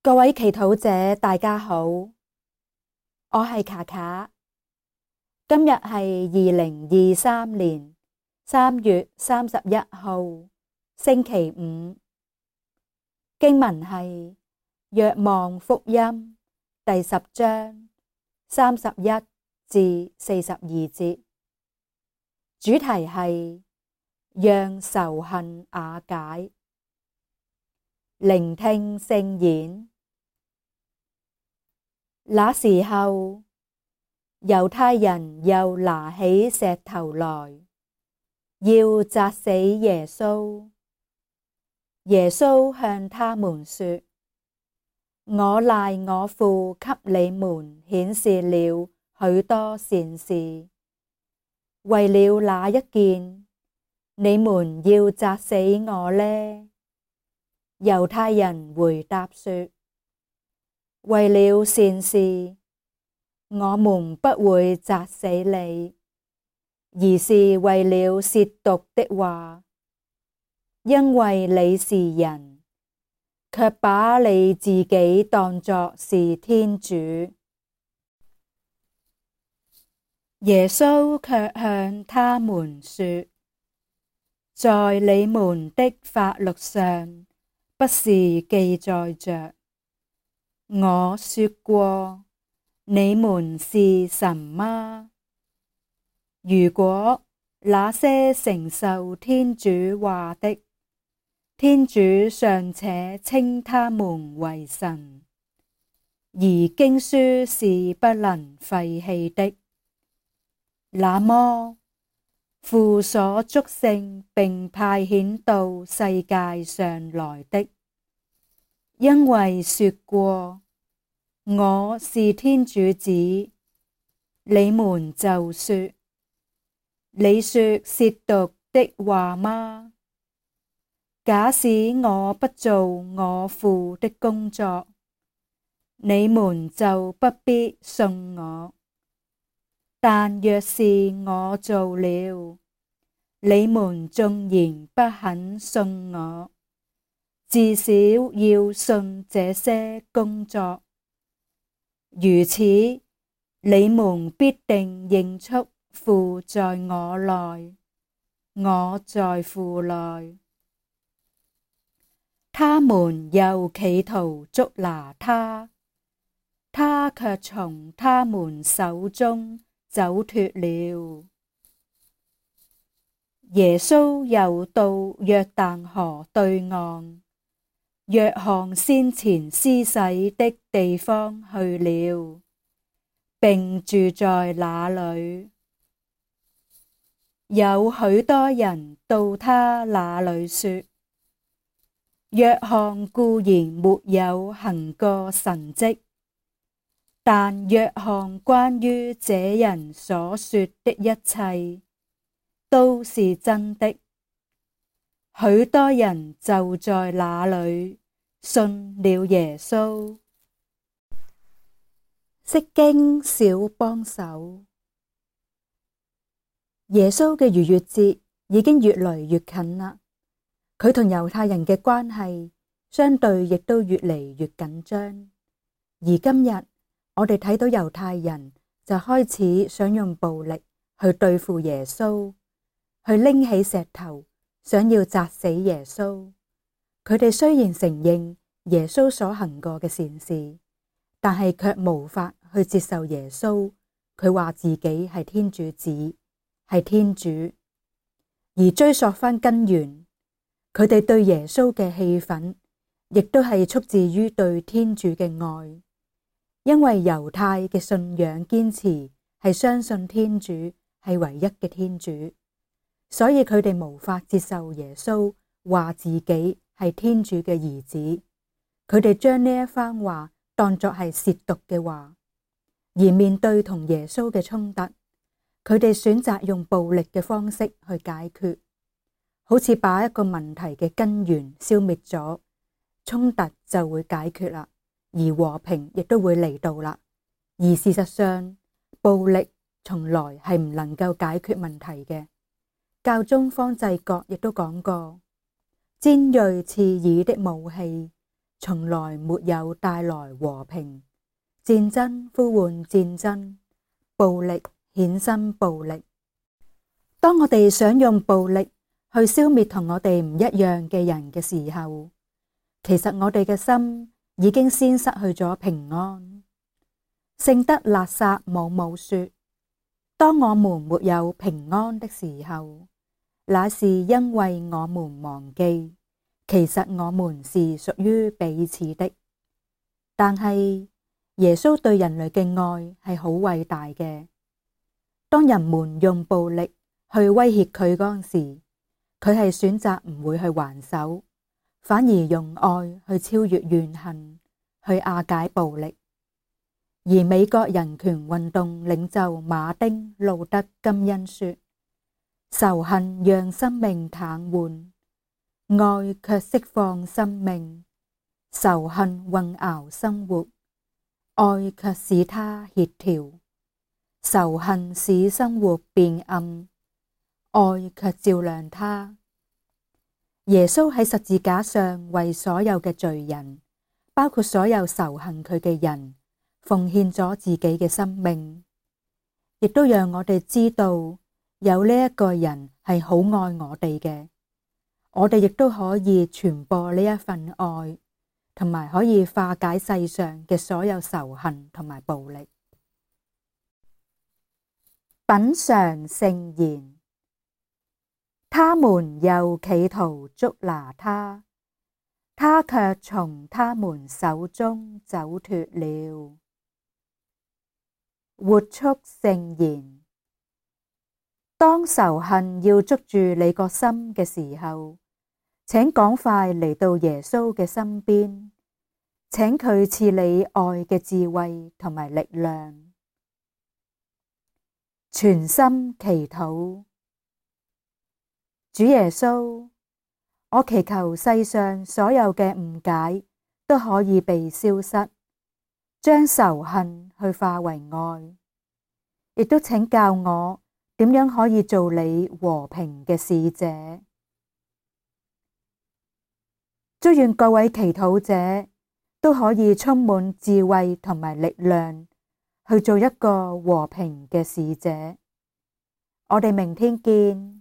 各位祈禱者，大家好，我係卡卡。今日係二零二三年三月三十一號，星期五。經文係《若望福音》第十章三十一至四十二節，主題係讓仇恨瓦解。聆聽聖言。那時候，猶太人又拿起石頭來，要砸死耶穌。耶穌向他們說：我賴我父給你們顯示了許多善事，為了那一件，你們要砸死我呢？猶太人回答說：為了善事，我們不會砸死你；而是為了褻瀆的話，因為你是人，卻把你自己當作是天主。耶穌卻向他們說：在你們的法律上，不是記載著，我說過，你們是神嗎？如果，那些承受天主話的，天主尚且稱他們為神，而經書是不能廢棄的，那麼父所祝聖，並派遣到世界上來的，因為說過我是天主子，你們就說：你說褻瀆的話嗎？假使我不做我父的工作，你們就不必信我。但若是我做了，你們縱然不肯信我，至少要信這些工作。如此，你們必定認出父在我內，我在父內。他們又企圖捉拿他，他卻從他們手中走脫了，耶穌又到約但河對岸，若翰先前施洗的地方去了，並住在那裏。有許多人到他那裏說：若翰固然沒有行過神迹。但若翰關於這人所說的一切，都是真的，許多人就在那裏信了耶穌。釋經小幫手，耶穌嘅逾越節已經越嚟越近啦。佢同猶太人嘅關係相對亦都越嚟越緊張，而今日。我哋睇到猶太人就開始想用暴力去對付耶穌，去拎起石頭，想要砸死耶穌。佢哋雖然承認耶穌所行過嘅善事，但係卻無法去接受耶穌。佢話自己係天主子，係天主。而追溯翻根源，佢哋對耶穌嘅氣憤，亦都係出自於對天主嘅愛。因為猶太嘅信仰堅持係相信天主係唯一嘅天主，所以佢哋無法接受耶穌話自己係天主嘅兒子。佢哋將呢一番話當作係褻瀆嘅話，而面對同耶穌嘅衝突，佢哋選擇用暴力嘅方式去解決，好似把一個問題嘅根源消滅咗，衝突就會解決啦。而和平亦都會嚟到啦。而事實上，暴力從來係唔能夠解決問題嘅。教宗方濟各亦都講過：尖銳刺耳的武器，從來沒有帶來和平。戰爭呼喚戰爭，暴力衍生暴力。當我哋想用暴力去消滅同我哋唔一樣嘅人嘅時候，其實我哋嘅心。已經先失去咗平安。聖德肋撒姆姆說：當我們沒有平安的時候，那是因為我們忘記，其實我們是屬於彼此的。但係耶穌對人類嘅愛係好偉大嘅。當人們用暴力去威脅佢嗰陣時，佢係選擇唔會去還手。反而用愛去超越怨恨，去瓦解暴力。而美國人權運動領袖馬丁路德金恩說：仇恨讓生命癱瘓，愛卻釋放生命；仇恨混淆生活，愛卻使他協調；仇恨使生活變暗，愛卻照亮他。耶穌喺十字架上為所有嘅罪人，包括所有仇恨佢嘅人，奉獻咗自己嘅生命，亦都讓我哋知道有呢一個人係好愛我哋嘅。我哋亦都可以傳播呢一份愛，同埋可以化解世上嘅所有仇恨同埋暴力。品嚐聖言。他們又企圖捉拿他，他卻從他們手中走脱了。活出聖言。當仇恨要捉住你個心嘅時候，請趕快嚟到耶穌嘅身邊，請佢賜你愛嘅智慧同埋力量，全心祈禱。主耶穌，我祈求世上所有嘅誤解都可以被消失，將仇恨去化為愛，亦都請教我點樣可以做你和平嘅使者。祝願各位祈禱者都可以充滿智慧同埋力量去做一個和平嘅使者。我哋明天見。